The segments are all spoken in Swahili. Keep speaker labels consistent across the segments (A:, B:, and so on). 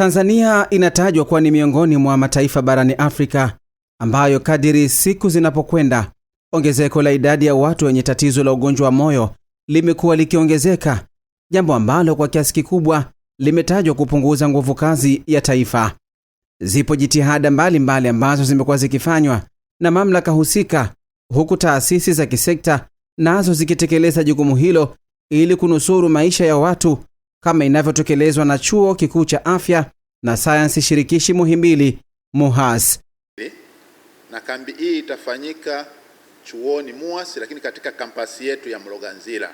A: Tanzania inatajwa kuwa ni miongoni mwa mataifa barani Afrika ambayo kadiri siku zinapokwenda, ongezeko la idadi ya watu wenye tatizo la ugonjwa wa moyo limekuwa likiongezeka, jambo ambalo kwa kiasi kikubwa limetajwa kupunguza nguvu kazi ya taifa. Zipo jitihada mbalimbali mbali ambazo zimekuwa zikifanywa na mamlaka husika, huku taasisi za kisekta nazo zikitekeleza jukumu hilo ili kunusuru maisha ya watu kama inavyotekelezwa na Chuo Kikuu cha Afya na Sayansi Shirikishi Muhimbili MUHAS.
B: Na kambi hii itafanyika chuoni MUHAS, lakini katika kampasi yetu ya Mloganzila.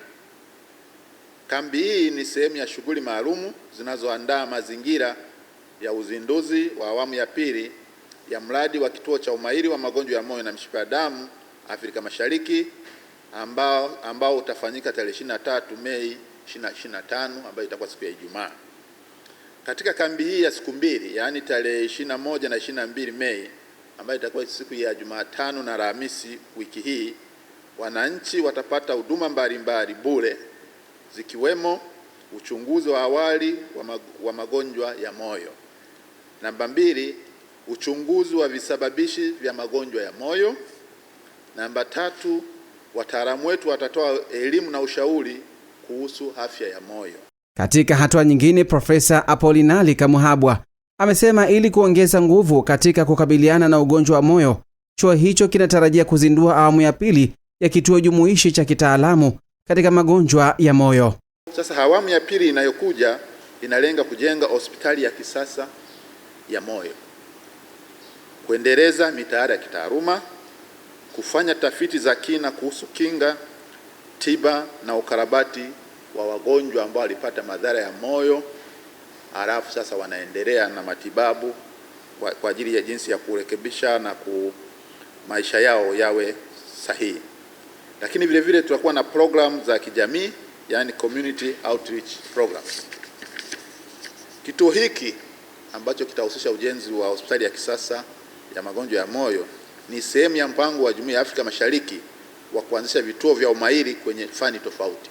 B: Kambi hii ni sehemu ya shughuli maalumu zinazoandaa mazingira ya uzinduzi wa awamu ya pili ya mradi wa kituo cha umahiri wa magonjwa ya moyo na mishipa ya damu Afrika Mashariki ambao, ambao utafanyika tarehe 23 Mei 25 ambayo itakuwa siku ya Ijumaa. Katika kambi hii ya siku mbili, yaani tarehe 21 na 22 Mei ambayo itakuwa siku ya Jumatano na Alhamisi wiki hii, wananchi watapata huduma mbalimbali bure zikiwemo uchunguzi wa awali wa magonjwa ya moyo. Namba mbili, uchunguzi wa visababishi vya magonjwa ya moyo. Namba tatu, wataalamu wetu watatoa elimu na ushauri kuhusu afya ya moyo.
A: Katika hatua nyingine, Profesa Apolinali Kamuhabwa amesema ili kuongeza nguvu katika kukabiliana na ugonjwa wa moyo, chuo hicho kinatarajia kuzindua awamu ya pili ya kituo jumuishi cha kitaalamu katika magonjwa ya moyo.
B: Sasa awamu ya pili inayokuja inalenga kujenga hospitali ya kisasa ya moyo, kuendeleza mitaala ya kitaaluma, kufanya tafiti za kina kuhusu kinga tiba na ukarabati wa wagonjwa ambao walipata madhara ya moyo, halafu sasa wanaendelea na matibabu kwa, kwa ajili ya jinsi ya kurekebisha na ku maisha yao yawe sahihi. Lakini vile vile tutakuwa na program za kijamii, yani community outreach program. Kituo hiki ambacho kitahusisha ujenzi wa hospitali ya kisasa ya magonjwa ya moyo ni sehemu ya mpango wa Jumuiya ya Afrika Mashariki wa kuanzisha vituo vya umahiri kwenye fani tofauti.